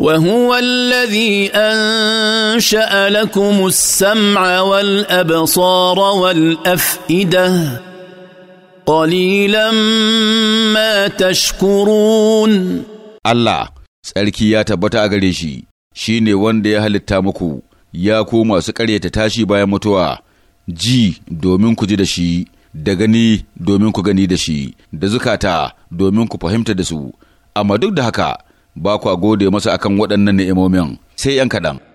وهو الذي انشا لكم السمع والابصار والافئده قليلا ما تشكرون الله tsarki ya tabbata a gare shi shi ne wanda ya halitta muku ya ko masu ƙaryata tashi bayan mutuwa ji domin ku ji da shi da gani domin ku gani da shi da zukata domin ku fahimta da su amma duk da haka ba kwa gode masa akan waɗannan ni'imomin sai ‘yan kaɗan.